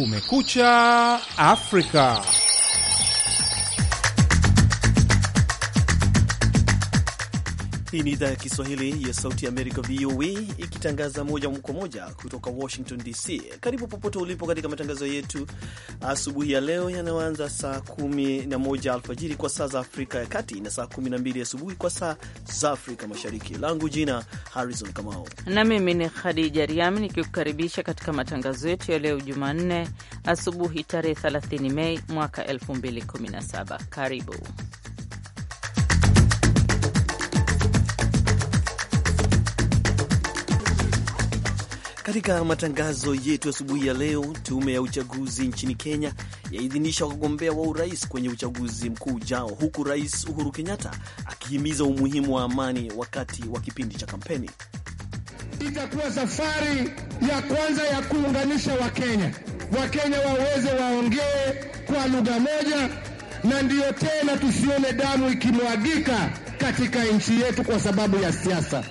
Kumekucha Afrika. Hii ni idhaa ya Kiswahili ya Sauti ya Amerika, VOA, ikitangaza moja kwa moja kutoka Washington DC. Karibu popote ulipo katika matangazo yetu asubuhi ya leo yanayoanza saa 11 alfajiri kwa saa za Afrika ya Kati na saa 12 asubuhi kwa saa za Afrika Mashariki. Langu jina Harrison Kamau na mimi ni Khadija Riami nikikukaribisha katika matangazo yetu ya leo Jumanne asubuhi tarehe 30 Mei mwaka 2017. Karibu Katika matangazo yetu asubuhi ya leo, tume ya uchaguzi nchini Kenya yaidhinisha wagombea wa urais kwenye uchaguzi mkuu ujao, huku Rais Uhuru Kenyatta akihimiza umuhimu wa amani wakati wa kipindi cha kampeni. Itakuwa safari ya kwanza ya kuunganisha Wakenya, Wakenya waweze waongee kwa lugha moja, na ndiyo tena tusione damu ikimwagika katika nchi yetu kwa sababu ya siasa.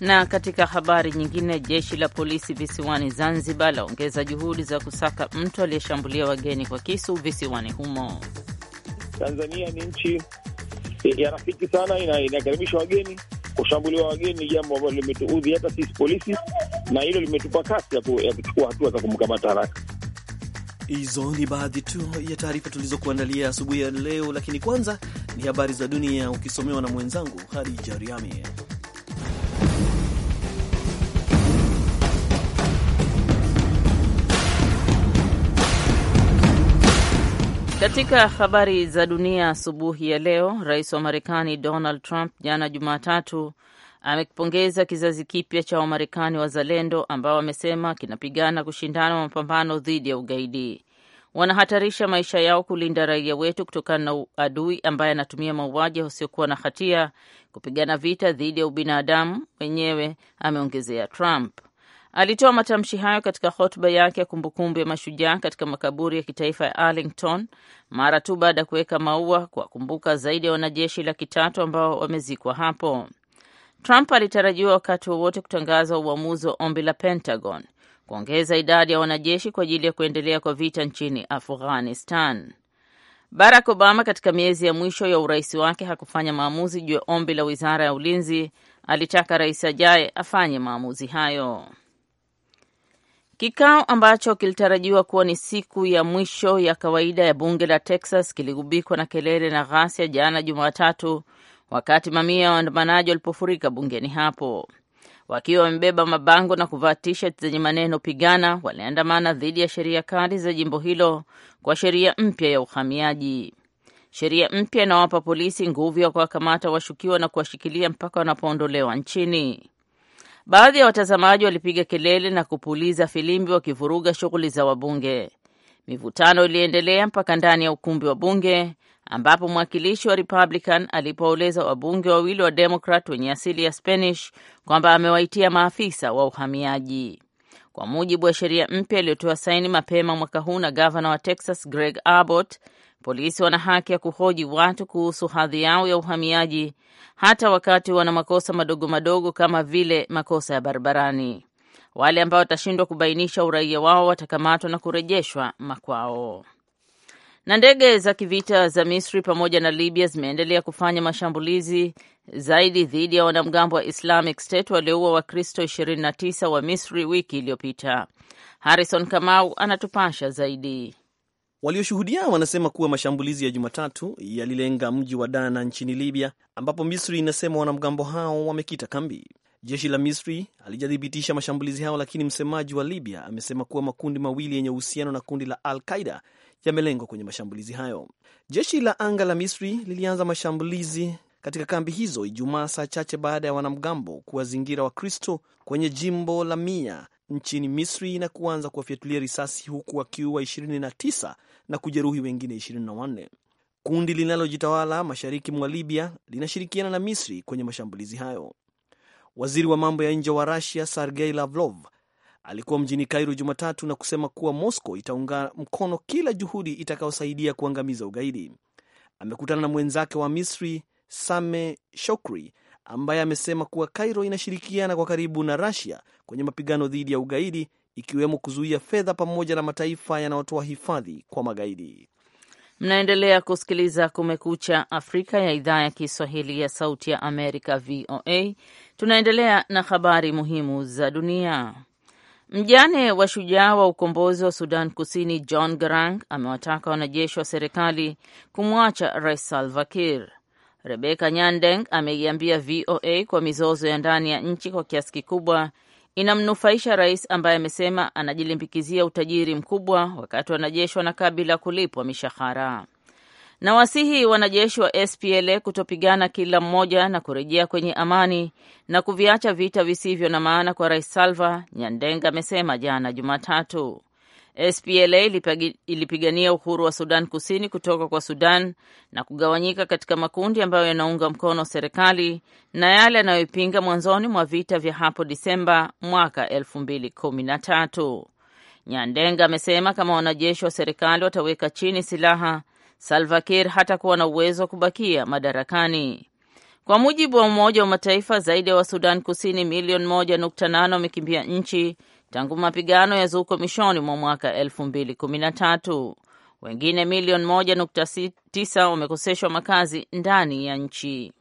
Na katika habari nyingine, jeshi la polisi visiwani Zanzibar laongeza juhudi za kusaka mtu aliyeshambulia wageni kwa kisu visiwani humo. Tanzania ni nchi ya rafiki sana, inakaribisha wageni. Kushambuliwa wageni ni jambo ambalo limetuudhi hata sisi polisi, na hilo limetupa kasi ya kuchukua hatua za kumkamata haraka. Hizo ni baadhi tu ya taarifa tulizokuandalia asubuhi ya leo, lakini kwanza ni habari za dunia ukisomewa na mwenzangu Hadija Riami. Katika habari za dunia asubuhi ya leo, rais wa Marekani Donald Trump jana Jumatatu amekipongeza kizazi kipya cha Wamarekani wazalendo ambao wamesema kinapigana kushindana mapambano dhidi ya ugaidi. Wanahatarisha maisha yao kulinda raia wetu kutokana na adui ambaye anatumia mauaji wasiokuwa na hatia kupigana vita dhidi ya ubinadamu wenyewe, ameongezea Trump. Alitoa matamshi hayo katika hotuba yake ya kumbukumbu ya mashujaa katika makaburi ya kitaifa ya Arlington mara tu baada ya kuweka maua kuwakumbuka zaidi ya wanajeshi laki tatu ambao wamezikwa hapo. Trump alitarajiwa wakati wowote kutangaza uamuzi wa ombi la Pentagon kuongeza idadi ya wanajeshi kwa ajili ya kuendelea kwa vita nchini Afghanistan. Barack Obama katika miezi ya mwisho ya urais wake hakufanya maamuzi juu ya ombi la wizara ya ulinzi. Alitaka rais ajaye afanye maamuzi hayo. Kikao ambacho kilitarajiwa kuwa ni siku ya mwisho ya kawaida ya bunge la Texas kiligubikwa na kelele na ghasia jana Jumatatu, wakati mamia ya waandamanaji walipofurika bungeni hapo wakiwa wamebeba mabango na kuvaa tisheti zenye maneno pigana. Waliandamana dhidi ya sheria kali za jimbo hilo kwa sheria mpya ya uhamiaji. Sheria mpya inawapa polisi nguvu ya kuwakamata washukiwa na kuwashikilia mpaka wanapoondolewa nchini. Baadhi ya watazamaji walipiga kelele na kupuliza filimbi wakivuruga shughuli za wabunge. Mivutano iliendelea mpaka ndani ya ukumbi wa bunge ambapo mwakilishi wa Republican alipowaeleza wabunge wawili wa demokrat wenye asili ya Spanish kwamba amewaitia maafisa wa uhamiaji. Kwa mujibu wa sheria mpya iliyotoa saini mapema mwaka huu na gavana wa Texas Greg Abbott, Polisi wana haki ya kuhoji watu kuhusu hadhi yao ya uhamiaji hata wakati wana makosa madogo madogo kama vile makosa ya barabarani. Wale ambao watashindwa kubainisha uraia wao watakamatwa na kurejeshwa makwao. Na ndege za kivita za Misri pamoja na Libya zimeendelea kufanya mashambulizi zaidi dhidi ya wanamgambo wa Islamic State walioua Wakristo 29 wa Misri wiki iliyopita. Harrison Kamau anatupasha zaidi. Walioshuhudia wanasema kuwa mashambulizi ya Jumatatu yalilenga mji wa Dana nchini Libya, ambapo Misri inasema wanamgambo hao wamekita kambi. Jeshi la Misri halijathibitisha mashambulizi hayo, lakini msemaji wa Libya amesema kuwa makundi mawili yenye uhusiano na kundi la Al Qaida yamelengwa kwenye mashambulizi hayo. Jeshi la anga la Misri lilianza mashambulizi katika kambi hizo Ijumaa, saa chache baada ya wanamgambo kuwazingira Wakristo kwenye jimbo la Mia nchini Misri na kuanza kuwafyatulia risasi huku wakiua na kujeruhi wengine 24. Kundi linalojitawala mashariki mwa Libya linashirikiana na Misri kwenye mashambulizi hayo. Waziri wa mambo ya nje wa Russia Sergei Lavrov alikuwa mjini kairo Jumatatu na kusema kuwa Moscow itaunga mkono kila juhudi itakayosaidia kuangamiza ugaidi. Amekutana na mwenzake wa Misri Same Shokri ambaye amesema kuwa Cairo inashirikiana kwa karibu na rasia kwenye mapigano dhidi ya ugaidi ikiwemo kuzuia fedha pamoja na mataifa yanayotoa hifadhi kwa magaidi. Mnaendelea kusikiliza Kumekucha Afrika ya idhaa ya Kiswahili ya Sauti ya Amerika, VOA. Tunaendelea na habari muhimu za dunia. Mjane wa shujaa wa ukombozi wa Sudan Kusini, John Garang, amewataka wanajeshi wa serikali kumwacha Rais Salva Kiir. Rebeka Nyandeng ameiambia VOA kwa mizozo ya ndani ya nchi kwa kiasi kikubwa inamnufaisha rais ambaye amesema anajilimbikizia utajiri mkubwa wakati wanajeshi wanakabila kulipwa mishahara. Na wasihi wanajeshi wa SPLA kutopigana kila mmoja na kurejea kwenye amani na kuviacha vita visivyo na maana kwa rais Salva, Nyandenga amesema jana Jumatatu. SPLA ilipigania uhuru wa Sudan Kusini kutoka kwa Sudan na kugawanyika katika makundi ambayo yanaunga mkono serikali na yale yanayoipinga mwanzoni mwa vita vya hapo Disemba mwaka 2013. Nyandenga amesema kama wanajeshi wa serikali wataweka chini silaha, Salva Kiir hatakuwa na uwezo wa kubakia madarakani. Kwa mujibu wa Umoja wa Mataifa, zaidi ya wa Sudan Kusini milioni 1.8 wamekimbia nchi tangu mapigano ya zuko mishoni mwa mwaka 2013. Wengine milioni 1.9 wamekoseshwa makazi ndani ya nchi.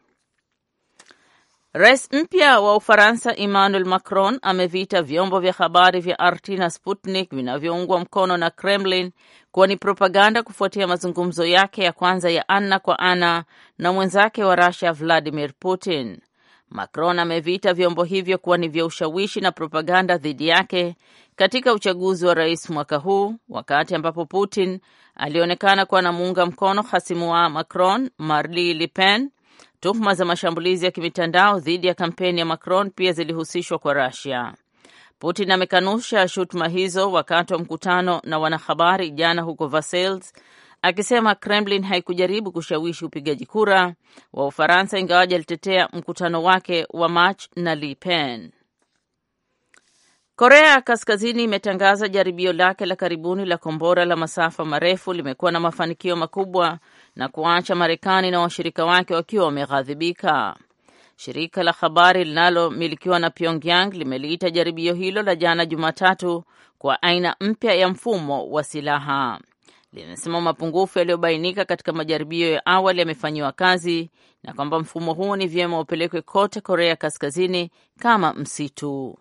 Rais mpya wa Ufaransa Emmanuel Macron ameviita vyombo vya habari vya RT na Sputnik vinavyoungwa mkono na Kremlin kuwa ni propaganda kufuatia mazungumzo yake ya kwanza ya ana kwa ana na mwenzake wa Russia Vladimir Putin. Macron ameviita vyombo hivyo kuwa ni vya ushawishi na propaganda dhidi yake katika uchaguzi wa rais mwaka huu, wakati ambapo Putin alionekana kuwa anamuunga mkono hasimu wa Macron, Marine Le Pen. Tuhuma za mashambulizi ya kimitandao dhidi ya kampeni ya Macron pia zilihusishwa kwa Russia. Putin amekanusha shutuma hizo wakati wa mkutano na wanahabari jana huko Versailles, akisema Kremlin haikujaribu kushawishi upigaji kura wa Ufaransa ingawaji alitetea mkutano wake wa March na Le Pen. Korea ya Kaskazini imetangaza jaribio lake la karibuni la kombora la masafa marefu limekuwa na mafanikio makubwa na kuacha Marekani na washirika wake wakiwa wameghadhibika. Shirika la habari linalomilikiwa na Pyongyang limeliita jaribio hilo la jana Jumatatu kwa aina mpya ya mfumo wa silaha limesema mapungufu yaliyobainika katika majaribio ya awali yamefanyiwa kazi na kwamba mfumo huo ni vyema upelekwe kote Korea Kaskazini kama msitu.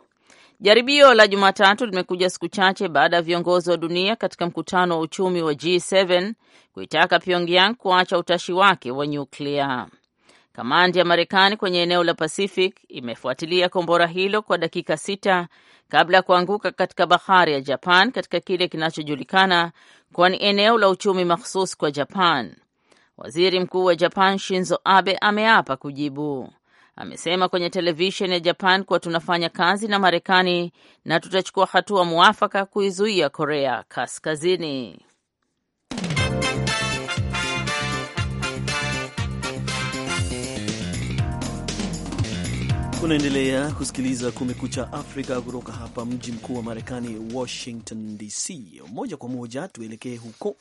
Jaribio la Jumatatu limekuja siku chache baada ya viongozi wa dunia katika mkutano wa uchumi wa G7 kuitaka Pyongyang kuacha utashi wake wa nyuklia. Kamandi ya Marekani kwenye eneo la Pacific imefuatilia kombora hilo kwa dakika sita kabla ya kuanguka katika bahari ya Japan katika kile kinachojulikana kuwa ni eneo la uchumi mahsusi kwa Japan. Waziri Mkuu wa Japan Shinzo Abe ameapa kujibu. Amesema kwenye televisheni ya Japan kuwa tunafanya kazi na Marekani na tutachukua hatua mwafaka kuizuia Korea Kaskazini. Unaendelea kusikiliza Kumekucha Afrika kutoka hapa mji mkuu wa Marekani, Washington DC. Moja kwa moja tuelekee huko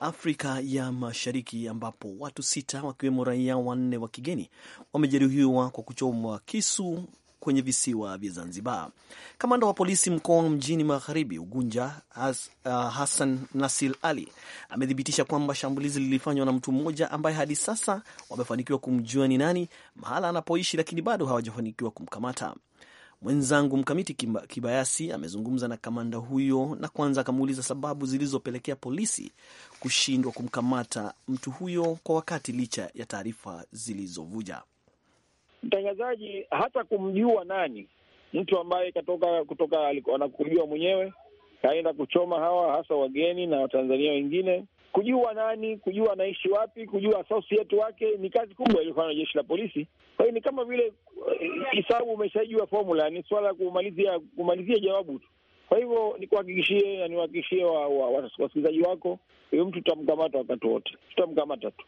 Afrika ya Mashariki, ambapo watu sita wakiwemo raia wanne wa kigeni wamejeruhiwa kwa kuchomwa kisu kwenye visiwa vya Zanzibar. Kamanda wa polisi mkoa mjini magharibi Ugunja has, uh, Hassan Nasil Ali amethibitisha kwamba shambulizi lilifanywa na mtu mmoja ambaye hadi sasa wamefanikiwa kumjua ni nani, mahala anapoishi, lakini bado hawajafanikiwa kumkamata. Mwenzangu Mkamiti Kibayasi amezungumza na kamanda huyo na kwanza akamuuliza sababu zilizopelekea polisi kushindwa kumkamata mtu huyo kwa wakati licha ya taarifa zilizovuja mtangazaji hata kumjua nani mtu ambaye katoka kutoka anakujua mwenyewe kaenda kuchoma hawa hasa wageni na Watanzania wengine, kujua nani, kujua anaishi wapi, kujua associate wake ni kazi kubwa iliyofanywa na jeshi la polisi. Kwa hiyo ni kama vile hisabu eh, umeshaijua formula, ni swala ya kumalizia kumalizia jawabu tu. Kwa hivyo nikuhakikishie na niwahakikishie wasikilizaji wa, wa, wa, wako, huyu mtu tutamkamata wakati wote, tutamkamata tu.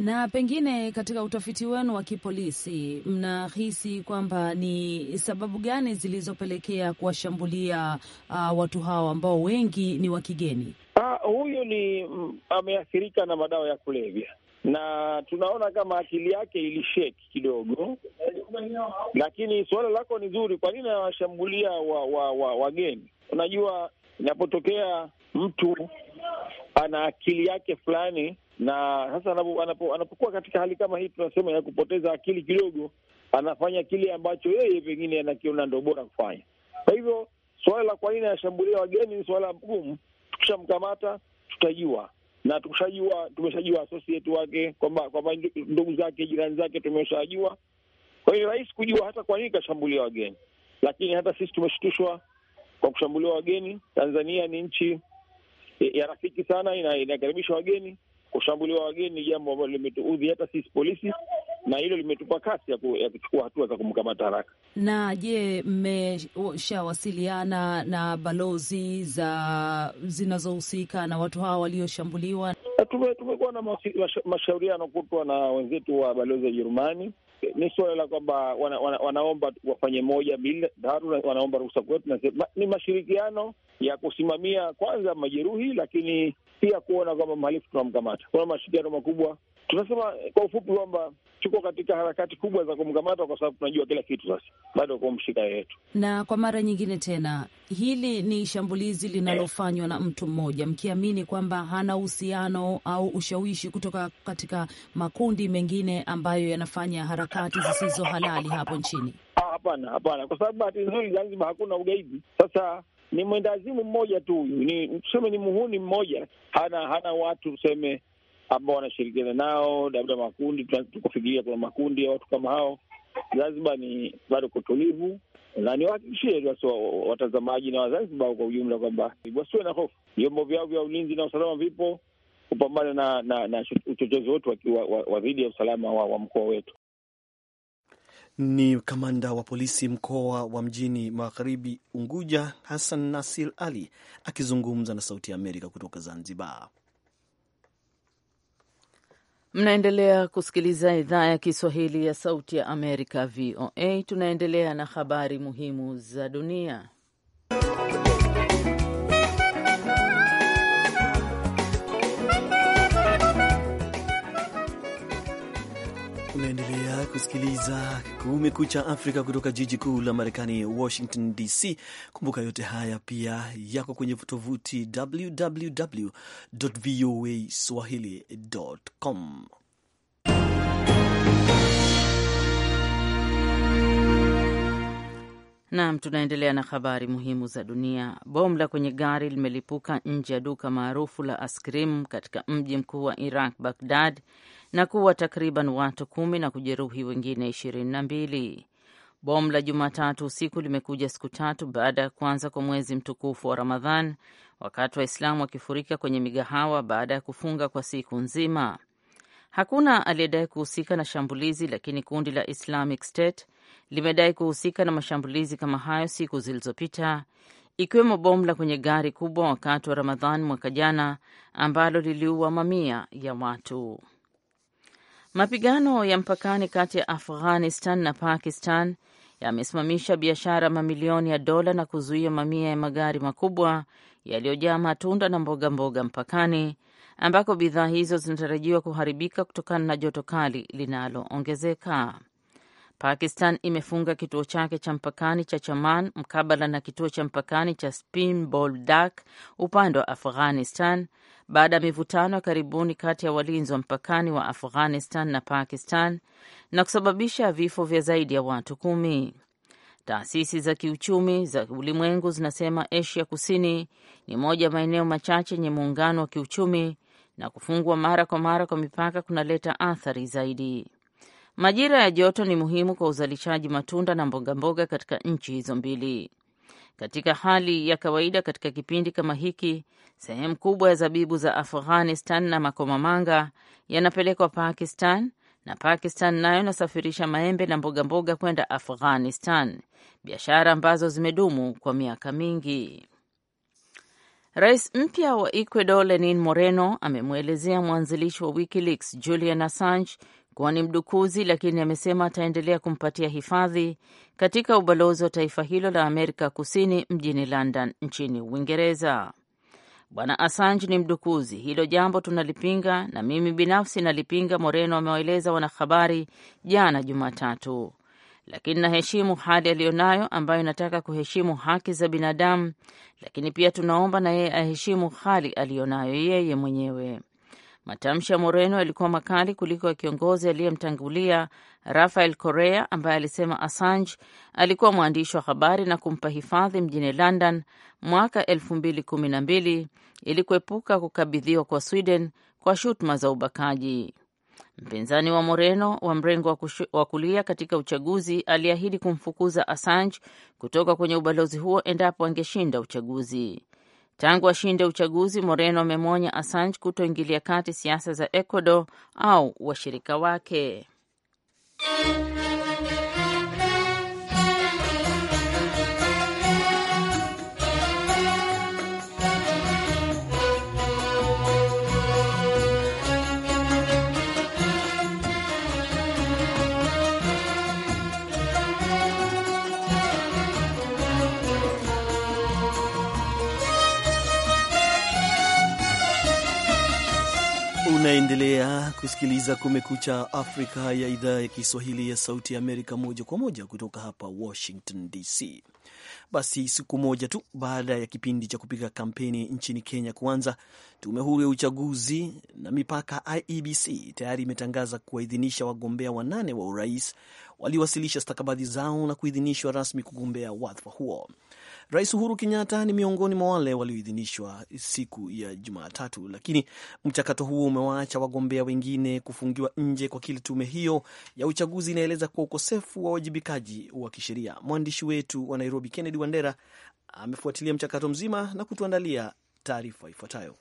Na pengine katika utafiti wenu wa kipolisi, mnahisi kwamba ni sababu gani zilizopelekea kuwashambulia uh, watu hawa ambao wengi ni wa kigeni? Ah, huyu ni mm, ameathirika na madawa ya kulevya na tunaona kama akili yake ilisheki kidogo, lakini suala lako ni zuri. Kwa nini anawashambulia wageni wa, wa, wa? Unajua, inapotokea mtu ana akili yake fulani, na sasa anapokuwa katika hali kama hii, tunasema ya kupoteza akili kidogo, anafanya kile ambacho yeye pengine anakiona ndo bora kufanya. Kwa hivyo suala la kwa nini anashambulia wageni ni suala gumu. Tukishamkamata tutajua na tukishajua, tumeshajua associate wake kwamba kwamba ndugu zake, jirani zake, tumeshajua. Kwa hiyo rahisi kujua hata kwa nini kashambulia wageni, lakini hata sisi tumeshtushwa kwa kushambuliwa wageni. Tanzania ni nchi Eh, ya rafiki sana, inakaribisha wageni. Kushambuliwa wageni ni jambo ambalo limetuudhi hata sisi polisi, na hilo limetupa kasi ya, ku, ya kuchukua hatua za kumkamata haraka. Na je, mmeshawasiliana na balozi za zinazohusika na watu hawa walioshambuliwa? Eh, tumekuwa na mashauriano kutwa na wenzetu wa balozi ya Ujerumani ni suala la kwamba wana, wana, wanaomba wafanye moja mbili tatu, wanaomba ruhusa kwetu, na ni mashirikiano ya kusimamia kwanza majeruhi, lakini pia kuona kwamba mhalifu tunamkamata. Kuna mashirikiano makubwa, tunasema kwa ufupi kwamba tuko katika harakati kubwa za kumkamata kwa sababu tunajua kila kitu, sasa bado kumshika mshika yetu Na kwa mara nyingine tena, hili ni shambulizi linalofanywa na mtu mmoja, mkiamini kwamba hana uhusiano au ushawishi kutoka katika makundi mengine ambayo yanafanya harakati zisizo halali hapo nchini. Ah, hapana, hapana, kwa sababu bahati nzuri Zanzibar hakuna ugaidi. Sasa ni mwendazimu mmoja tu huyu, ni tuseme, ni muhuni mmoja, hana hana watu tuseme ambao wanashirikiana nao, labda makundi, tukufikiria kuna makundi ya watu kama hao. Zanzibar ni bado kutulivu na niwahakikishie basi watazamaji na Wazanzibar kwa ujumla kwamba wasiwe na hofu. Vyombo vyao vya ulinzi na usalama vipo kupambana na, na, na uchochezi wote wa dhidi ya usalama wa, wa mkoa wetu. Ni kamanda wa polisi mkoa wa mjini magharibi Unguja, Hassan Nasil Ali akizungumza na Sauti ya Amerika kutoka Zanzibar. Mnaendelea kusikiliza idhaa ya Kiswahili ya Sauti ya Amerika, VOA. Tunaendelea na habari muhimu za dunia. kusikiliza kusikiliza Kumekucha Afrika kutoka jiji kuu la Marekani, Washington DC. Kumbuka yote haya pia yako kwenye tovuti www voa swahili com. Naam, tunaendelea na habari muhimu za dunia. Bomu la kwenye gari limelipuka nje ya duka maarufu la askrim katika mji mkuu wa Iraq, Bagdad, na kuwa takriban watu kumi na kujeruhi wengine ishirini na mbili. Bomu la Jumatatu usiku limekuja siku tatu baada ya kuanza kwa mwezi mtukufu wa Ramadhan, wakati Waislamu wakifurika kwenye migahawa baada ya kufunga kwa siku nzima. Hakuna aliyedai kuhusika na shambulizi, lakini kundi la Islamic State limedai kuhusika na mashambulizi kama hayo siku zilizopita, ikiwemo bomu la kwenye gari kubwa wakati wa Ramadhan mwaka jana ambalo liliua mamia ya watu. Mapigano ya mpakani kati ya Afghanistan na Pakistan yamesimamisha biashara mamilioni ya dola na kuzuia mamia ya magari makubwa yaliyojaa matunda na mboga mboga mpakani, ambako bidhaa hizo zinatarajiwa kuharibika kutokana na joto kali linaloongezeka. Pakistan imefunga kituo chake cha mpakani cha Chaman mkabala na kituo cha mpakani cha Spinboldak upande wa Afghanistan baada ya mivutano ya karibuni kati ya walinzi wa mpakani wa Afghanistan na Pakistan na kusababisha vifo vya zaidi ya watu kumi. Taasisi za kiuchumi za ulimwengu zinasema Asia Kusini ni moja ya maeneo machache yenye muungano wa kiuchumi na kufungwa mara kwa mara kwa mipaka kunaleta athari zaidi. Majira ya joto ni muhimu kwa uzalishaji matunda na mbogamboga katika nchi hizo mbili. Katika hali ya kawaida, katika kipindi kama hiki, sehemu kubwa ya zabibu za Afghanistan na makomamanga yanapelekwa Pakistan na Pakistan nayo inasafirisha maembe na mbogamboga kwenda Afghanistan, biashara ambazo zimedumu kwa miaka mingi. Rais mpya wa Ecuador Lenin Moreno amemwelezea mwanzilishi wa WikiLeaks Julian Assange kuwa ni mdukuzi, lakini amesema ataendelea kumpatia hifadhi katika ubalozi wa taifa hilo la Amerika Kusini mjini London nchini Uingereza. Bwana Assange ni mdukuzi, hilo jambo tunalipinga na mimi binafsi nalipinga, Moreno amewaeleza wanahabari jana Jumatatu lakini naheshimu hali aliyonayo ambayo inataka kuheshimu haki za binadamu, lakini pia tunaomba na yeye aheshimu hali aliyonayo yeye mwenyewe. Matamshi ya Moreno yalikuwa makali kuliko ya kiongozi aliyemtangulia Rafael Correa, ambaye alisema Assange alikuwa mwandishi wa habari na kumpa hifadhi mjini London mwaka elfu mbili kumi na mbili ili kuepuka kukabidhiwa kwa Sweden kwa shutuma za ubakaji. Mpinzani wa Moreno wa mrengo wa kulia katika uchaguzi aliahidi kumfukuza Assange kutoka kwenye ubalozi huo endapo angeshinda uchaguzi. Tangu ashinde uchaguzi, Moreno amemwonya Assange kutoingilia kati siasa za Ecuador au washirika wake. Unaendelea kusikiliza Kumekucha Afrika ya idhaa ya Kiswahili ya Sauti ya Amerika, moja kwa moja kutoka hapa Washington DC. Basi siku moja tu baada ya kipindi cha kupiga kampeni nchini Kenya kuanza, tume huru ya uchaguzi na mipaka IEBC tayari imetangaza kuwaidhinisha wagombea wanane wa urais waliowasilisha stakabadhi zao na kuidhinishwa rasmi kugombea wadhifa huo. Rais Uhuru Kenyatta ni miongoni mwa wale walioidhinishwa siku ya Jumatatu, lakini mchakato huo umewaacha wagombea wengine kufungiwa nje kwa kile tume hiyo ya uchaguzi inaeleza kuwa ukosefu wa uwajibikaji wa kisheria. Mwandishi wetu wa Nairobi Kennedy Wandera amefuatilia mchakato mzima na kutuandalia taarifa ifuatayo.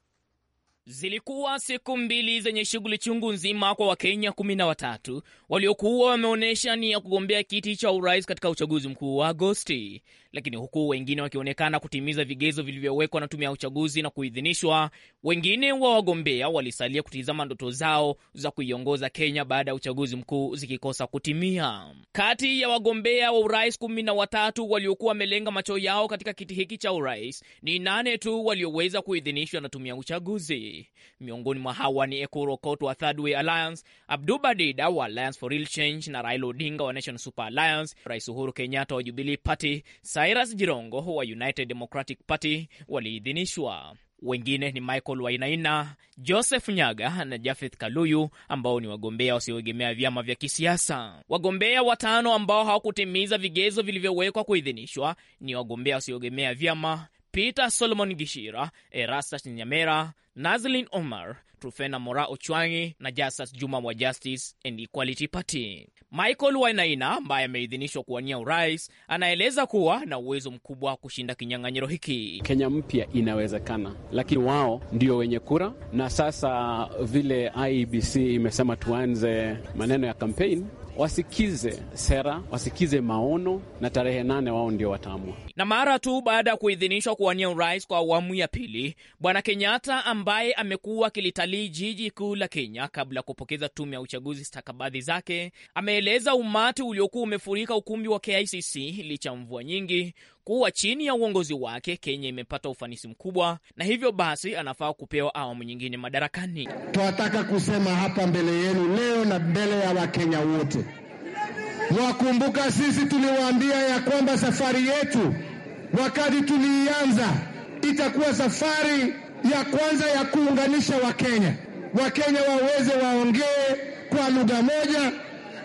Zilikuwa siku mbili zenye shughuli chungu nzima kwa Wakenya kumi na watatu waliokuwa wameonyesha nia ya kugombea kiti cha urais katika uchaguzi mkuu wa Agosti, lakini huku wengine wakionekana kutimiza vigezo vilivyowekwa na tume ya uchaguzi na kuidhinishwa, wengine wa wagombea walisalia kutizama ndoto zao za kuiongoza Kenya baada ya uchaguzi mkuu zikikosa kutimia. Kati ya wagombea wa urais kumi na watatu waliokuwa wamelenga macho yao katika kiti hiki cha urais ni nane tu walioweza kuidhinishwa na tume ya uchaguzi. Miongoni mwa hawa ni Ekuru Aukot wa Third Way Alliance, Abduba Dida wa Alliance for Real Change na Raila Odinga wa Nation Super Alliance, Rais Uhuru Kenyatta wa Jubilee Party, Cyrus Jirongo wa United Democratic Party waliidhinishwa. Wengine ni Michael Wainaina, Joseph Nyaga na Jafeth Kaluyu ambao ni wagombea wasioegemea vyama vya kisiasa. Wagombea watano ambao hawakutimiza vigezo vilivyowekwa kuidhinishwa ni wagombea wasioegemea vyama Peter Solomon Gishira, Erastus Nyamera, Nazlin Omar, Trufena Mora Ochwangi na Justus Juma wa Justice and Equality Party. Michael Wainaina ambaye ameidhinishwa kuwania urais anaeleza kuwa na uwezo mkubwa wa kushinda kinyang'anyiro hiki. Kenya mpya inawezekana, lakini wao ndio wenye kura, na sasa vile IEBC imesema tuanze maneno ya kampeni wasikize sera, wasikize maono, na tarehe nane wao ndio wataamua. Na mara tu baada ya kuidhinishwa kuwania urais kwa awamu ya pili, Bwana Kenyatta ambaye amekuwa akilitalii jiji kuu la Kenya kabla ya kupokeza tume ya uchaguzi stakabadhi zake, ameeleza umati uliokuwa umefurika ukumbi wa KICC licha mvua nyingi kuwa chini ya uongozi wake Kenya imepata ufanisi mkubwa, na hivyo basi anafaa kupewa awamu nyingine madarakani. Twataka kusema hapa mbele yenu leo na mbele ya Wakenya wote, wakumbuka sisi tuliwaambia ya kwamba safari yetu wakati tuliianza itakuwa safari ya kwanza ya kuunganisha Wakenya, Wakenya waweze waongee kwa lugha moja,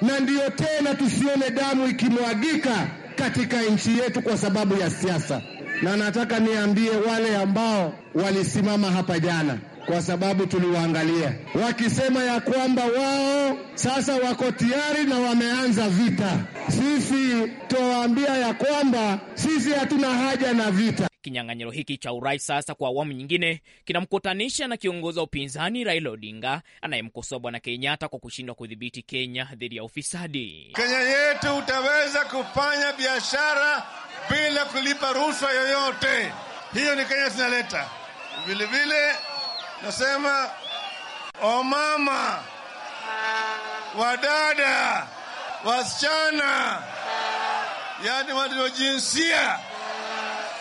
na ndiyo tena tusione damu ikimwagika katika nchi yetu kwa sababu ya siasa, na nataka niambie wale ambao walisimama hapa jana kwa sababu tuliwaangalia wakisema ya kwamba wao sasa wako tayari na wameanza vita. Sisi tunawaambia ya kwamba sisi hatuna haja na vita. Kinyang'anyiro hiki cha urais sasa kwa awamu nyingine kinamkutanisha na kiongozi wa upinzani Raila Odinga anayemkosoa Bwana Kenyatta kwa kushindwa kudhibiti Kenya dhidi ya ufisadi. Kenya yetu utaweza kufanya biashara bila kulipa rushwa yoyote. Hiyo ni Kenya tunaleta. Vilevile nasema wamama, wadada, wasichana, yani waliojinsia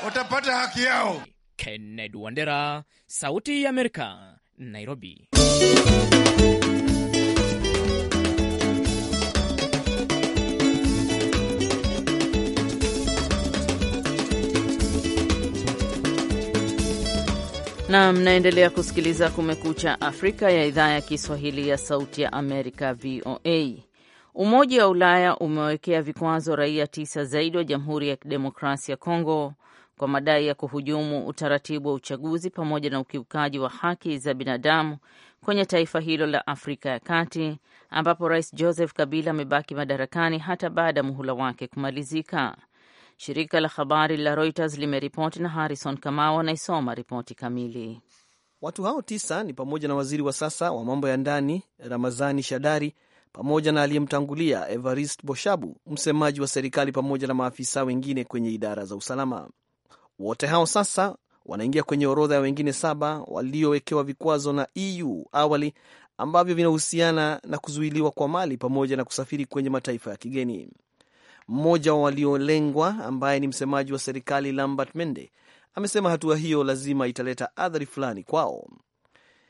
watapata haki yao. Kennedy Wandera, Sauti ya Amerika, Nairobi. na mnaendelea kusikiliza Kumekucha Afrika ya idhaa ya Kiswahili ya Sauti ya Amerika, VOA. Umoja wa Ulaya umewekea vikwazo raia tisa zaidi wa Jamhuri ya Kidemokrasia ya Kongo kwa madai ya kuhujumu utaratibu wa uchaguzi pamoja na ukiukaji wa haki za binadamu kwenye taifa hilo la Afrika ya Kati, ambapo Rais Joseph Kabila amebaki madarakani hata baada ya muhula wake kumalizika. Shirika la habari la Reuters limeripoti na Harrison Kamau anaisoma ripoti kamili. Watu hao tisa ni pamoja na waziri wa sasa wa mambo ya ndani Ramazani Shadari pamoja na aliyemtangulia Evarist Boshabu, msemaji wa serikali, pamoja na maafisa wengine kwenye idara za usalama. Wote hao sasa wanaingia kwenye orodha ya wengine saba waliowekewa vikwazo na EU awali ambavyo vinahusiana na kuzuiliwa kwa mali pamoja na kusafiri kwenye mataifa ya kigeni. Mmoja wa waliolengwa ambaye ni msemaji wa serikali Lambert Mende amesema hatua hiyo lazima italeta athari fulani kwao.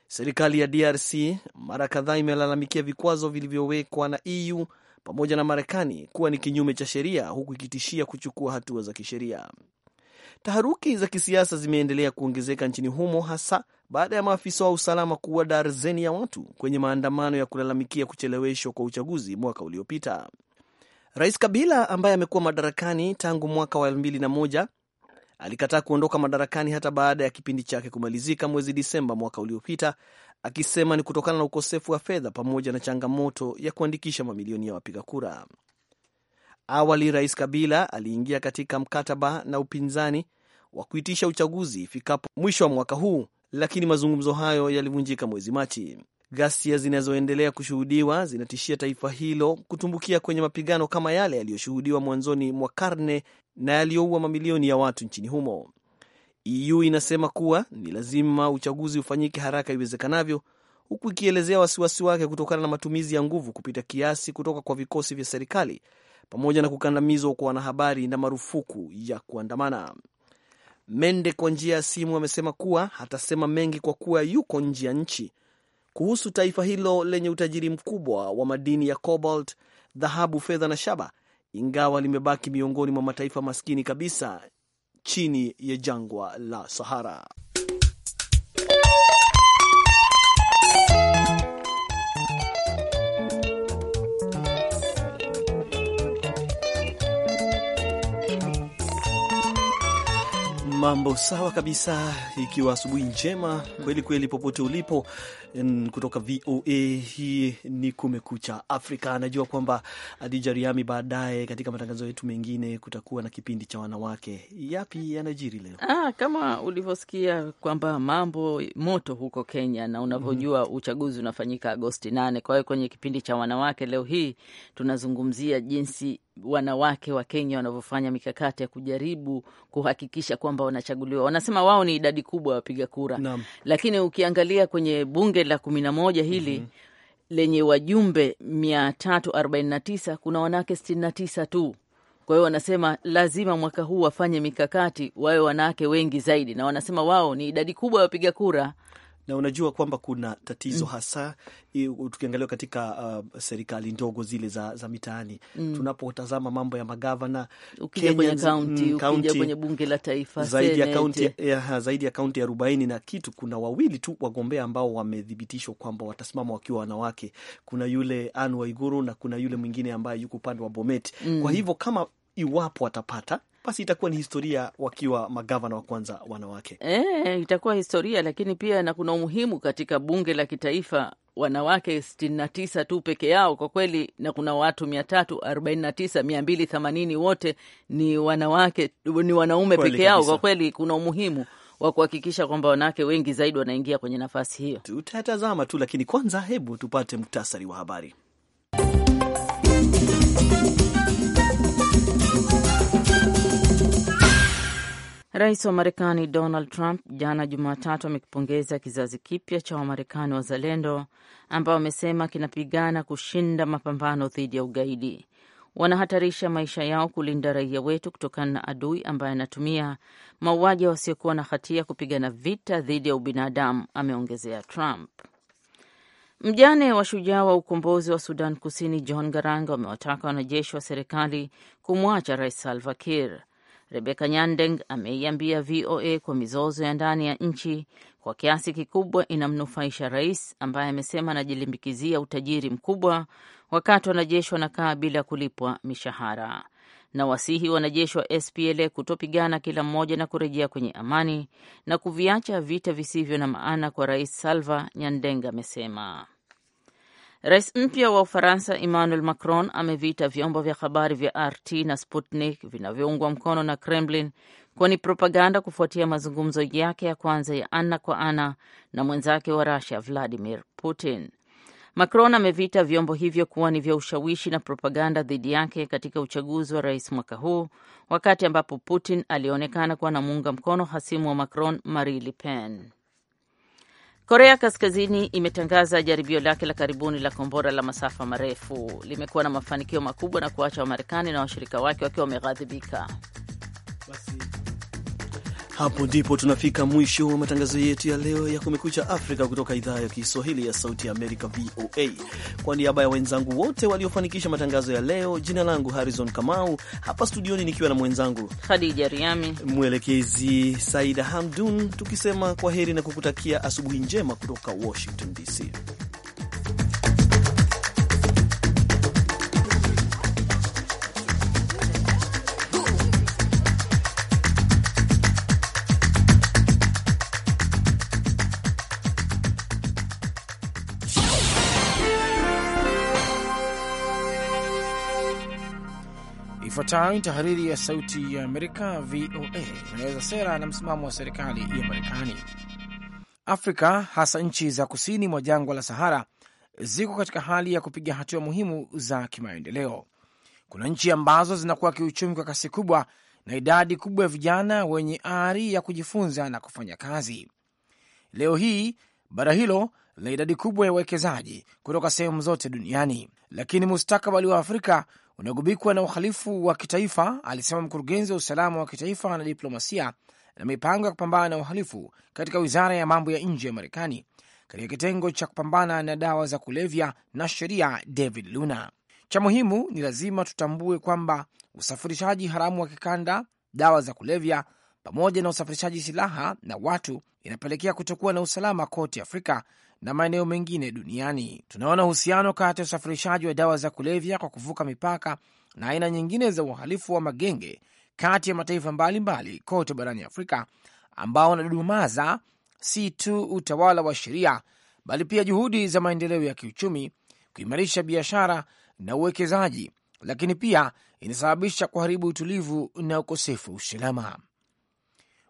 Serikali ya DRC mara kadhaa imelalamikia vikwazo vilivyowekwa na EU pamoja na Marekani kuwa ni kinyume cha sheria, huku ikitishia kuchukua hatua za kisheria. Taharuki za kisiasa zimeendelea kuongezeka nchini humo hasa baada ya maafisa wa usalama kuua darzeni ya watu kwenye maandamano ya kulalamikia kucheleweshwa kwa uchaguzi mwaka uliopita. Rais Kabila ambaye amekuwa madarakani tangu mwaka wa 2001 alikataa kuondoka madarakani hata baada ya kipindi chake kumalizika mwezi Disemba mwaka uliopita, akisema ni kutokana na ukosefu wa fedha pamoja na changamoto ya kuandikisha mamilioni ya wapiga kura. Awali Rais Kabila aliingia katika mkataba na upinzani wa kuitisha uchaguzi ifikapo mwisho wa mwaka huu, lakini mazungumzo hayo yalivunjika mwezi Machi. Ghasia zinazoendelea kushuhudiwa zinatishia taifa hilo kutumbukia kwenye mapigano kama yale yaliyoshuhudiwa mwanzoni mwa karne na yaliyoua mamilioni ya watu nchini humo. EU inasema kuwa ni lazima uchaguzi ufanyike haraka iwezekanavyo, huku ikielezea wasiwasi wake kutokana na matumizi ya nguvu kupita kiasi kutoka kwa vikosi vya serikali pamoja na kukandamizwa kwa wanahabari na marufuku ya kuandamana. Mende kwa njia ya simu amesema kuwa hatasema mengi kwa kuwa yuko nje ya nchi kuhusu taifa hilo lenye utajiri mkubwa wa madini ya cobalt, dhahabu, fedha na shaba, ingawa limebaki miongoni mwa mataifa maskini kabisa chini ya jangwa la Sahara. Mambo sawa kabisa, ikiwa asubuhi njema kweli kweli popote ulipo, kutoka VOA. Hii ni Kumekucha Afrika. Anajua kwamba Adija Riami, baadaye katika matangazo yetu mengine kutakuwa na kipindi cha wanawake. Yapi yanajiri leo? Ah, kama ulivyosikia kwamba mambo moto huko Kenya na unavyojua, mm -hmm. uchaguzi unafanyika Agosti nane. Kwa hiyo kwenye kipindi cha wanawake leo hii tunazungumzia jinsi wanawake wa Kenya wanavyofanya mikakati ya kujaribu kuhakikisha kwamba wanachaguliwa. Wanasema wao ni idadi kubwa ya wapiga kura, lakini ukiangalia kwenye bunge bunge la kumi na moja hili mm -hmm. lenye wajumbe mia tatu arobaini na tisa kuna wanawake sitini na tisa tu. Kwa hiyo wanasema lazima mwaka huu wafanye mikakati wawe wanawake wengi zaidi, na wanasema wao ni idadi kubwa ya wapiga kura na unajua kwamba kuna tatizo mm. hasa tukiangalia katika uh, serikali ndogo zile za, za mitaani mm. Tunapotazama mambo ya magavana kwenye mm, kaunti, kwenye bunge la taifa, zaidi ya kaunti ya zaidi ya kaunti arobaini na kitu, kuna wawili tu wagombea ambao wamethibitishwa kwamba watasimama wakiwa wanawake. Kuna yule Anne Waiguru na kuna yule mwingine ambaye yuko upande wa Bomet mm. Kwa hivyo kama iwapo watapata basi itakuwa ni historia wakiwa magavana wa kwanza wanawake. E, itakuwa historia, lakini pia na kuna umuhimu katika bunge la kitaifa wanawake 69 tu peke yao kwa kweli, na kuna watu 349 280 wote ni wanawake, ni wanaume peke yao. Kwa kweli kuna umuhimu wa kuhakikisha kwamba wanawake wengi zaidi wanaingia kwenye nafasi hiyo. Tutatazama tu, lakini kwanza, hebu tupate muktasari wa habari. Rais wa Marekani Donald Trump jana Jumatatu amekipongeza kizazi kipya cha Wamarekani wazalendo ambao wamesema kinapigana kushinda mapambano dhidi ya ugaidi. Wanahatarisha maisha yao kulinda raia wetu kutokana na adui ambaye anatumia mauaji ya wasiokuwa na hatia kupigana vita dhidi ya ubinadamu, ameongezea Trump. Mjane wa shujaa wa ukombozi wa Sudan Kusini John Garang wamewataka wanajeshi wa serikali kumwacha Rais Salva Kiir. Rebeka Nyandeng ameiambia VOA kwa mizozo ya ndani ya nchi kwa kiasi kikubwa inamnufaisha rais ambaye amesema anajilimbikizia utajiri mkubwa wakati wanajeshi wanakaa bila kulipwa mishahara na wasihi wanajeshi wa SPLA kutopigana kila mmoja na kurejea kwenye amani na kuviacha vita visivyo na maana kwa Rais Salva, nyandeng amesema. Rais mpya wa Ufaransa Emmanuel Macron ameviita vyombo vya habari vya RT na Sputnik vinavyoungwa mkono na Kremlin kuwa ni propaganda, kufuatia mazungumzo yake ya kwanza ya ana kwa ana na mwenzake wa Rusia Vladimir Putin. Macron ameviita vyombo hivyo kuwa ni vya ushawishi na propaganda dhidi yake katika uchaguzi wa rais mwaka huu, wakati ambapo Putin alionekana kuwa muunga mkono hasimu wa Macron Marie Le Pen. Korea Kaskazini imetangaza jaribio lake la karibuni la kombora la masafa marefu. Limekuwa na mafanikio makubwa na kuacha Wamarekani na washirika wake wakiwa wameghadhibika. Hapo ndipo tunafika mwisho wa matangazo yetu ya leo ya Kumekucha Afrika kutoka idhaa ya Kiswahili ya Sauti ya Amerika, VOA. Kwa niaba ya wenzangu wote waliofanikisha matangazo ya leo, jina langu Harrison Kamau, hapa studioni nikiwa na mwenzangu Khadija Riami, mwelekezi Saida Hamdun, tukisema kwa heri na kukutakia asubuhi njema kutoka Washington DC. Ifuatayo ni tahariri ya Sauti ya Amerika, VOA, inaweza sera na msimamo wa serikali ya Marekani. Afrika, hasa nchi za kusini mwa jangwa la Sahara, ziko katika hali ya kupiga hatua muhimu za kimaendeleo. Kuna nchi ambazo zinakuwa kiuchumi kwa kasi kubwa na idadi kubwa ya vijana wenye ari ya kujifunza na kufanya kazi. Leo hii bara hilo lina idadi kubwa ya wawekezaji kutoka sehemu zote duniani, lakini mustakabali wa Afrika unagubikwa na uhalifu wa kitaifa, alisema mkurugenzi wa usalama wa kitaifa na diplomasia na mipango ya kupambana na uhalifu katika wizara ya mambo ya nje ya Marekani katika kitengo cha kupambana na dawa za kulevya na sheria, David Luna. Cha muhimu ni lazima tutambue kwamba usafirishaji haramu wa kikanda, dawa za kulevya, pamoja na usafirishaji silaha na watu inapelekea kutokuwa na usalama kote Afrika na maeneo mengine duniani. Tunaona uhusiano kati ya usafirishaji wa dawa za kulevya kwa kuvuka mipaka na aina nyingine za uhalifu wa magenge kati ya mataifa mbalimbali kote barani Afrika, ambao wanadudumaza si tu utawala wa sheria, bali pia juhudi za maendeleo ya kiuchumi, kuimarisha biashara na uwekezaji, lakini pia inasababisha kuharibu utulivu na ukosefu wa usalama.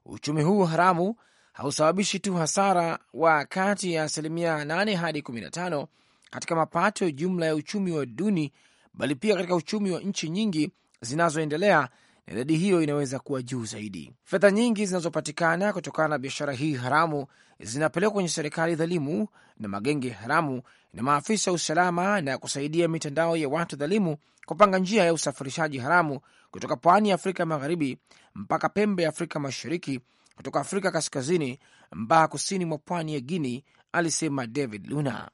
Uchumi huu haramu hausababishi tu hasara wa kati ya asilimia 8 hadi 15 katika mapato jumla ya uchumi wa duni, bali pia katika uchumi wa nchi nyingi zinazoendelea, na idadi hiyo inaweza kuwa juu zaidi. Fedha nyingi zinazopatikana kutokana na biashara hii haramu zinapelekwa kwenye serikali dhalimu na magenge haramu na maafisa wa usalama na kusaidia mitandao ya watu dhalimu kupanga njia ya usafirishaji haramu kutoka pwani ya Afrika Magharibi mpaka pembe ya Afrika Mashariki kutoka Afrika Kaskazini mbaa kusini mwa pwani ya Guini, alisema David Luna.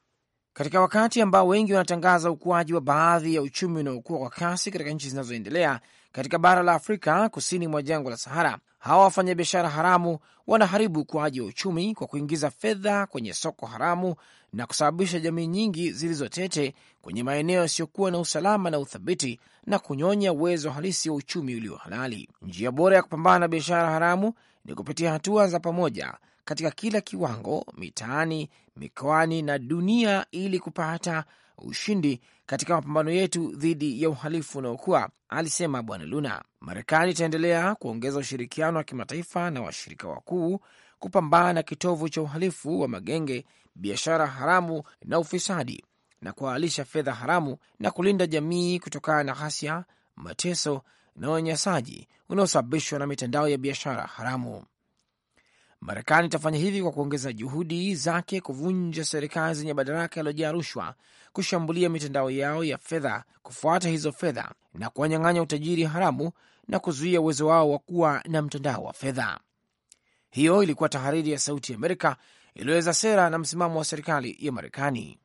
Katika wakati ambao wengi wanatangaza ukuaji wa baadhi ya uchumi unaokuwa kwa kasi katika nchi zinazoendelea katika bara la Afrika kusini mwa jangwa la Sahara, hawa wafanyabiashara haramu wanaharibu ukuaji wa uchumi kwa kuingiza fedha kwenye soko haramu na kusababisha jamii nyingi zilizotete kwenye maeneo yasiyokuwa na usalama na uthabiti na kunyonya uwezo halisi wa uchumi ulio halali. Njia bora ya kupambana na biashara haramu ni kupitia hatua za pamoja katika kila kiwango, mitaani, mikoani na dunia, ili kupata ushindi katika mapambano yetu dhidi ya uhalifu unaokuwa, alisema Bwana Luna. Marekani itaendelea kuongeza ushirikiano wa kimataifa na washirika wakuu kupambana na kitovu cha uhalifu wa magenge, biashara haramu na ufisadi, na kuhalalisha fedha haramu na kulinda jamii kutokana na ghasia, mateso na unyanyasaji unaosababishwa na mitandao ya biashara haramu. Marekani itafanya hivi kwa kuongeza juhudi zake kuvunja serikali zenye madaraka yaliyojaa rushwa, kushambulia mitandao yao ya fedha, kufuata hizo fedha na kuwanyang'anya utajiri haramu, na kuzuia uwezo wao wa kuwa na mtandao wa fedha. Hiyo ilikuwa tahariri ya Sauti ya Amerika iliyoweza sera na msimamo wa serikali ya Marekani.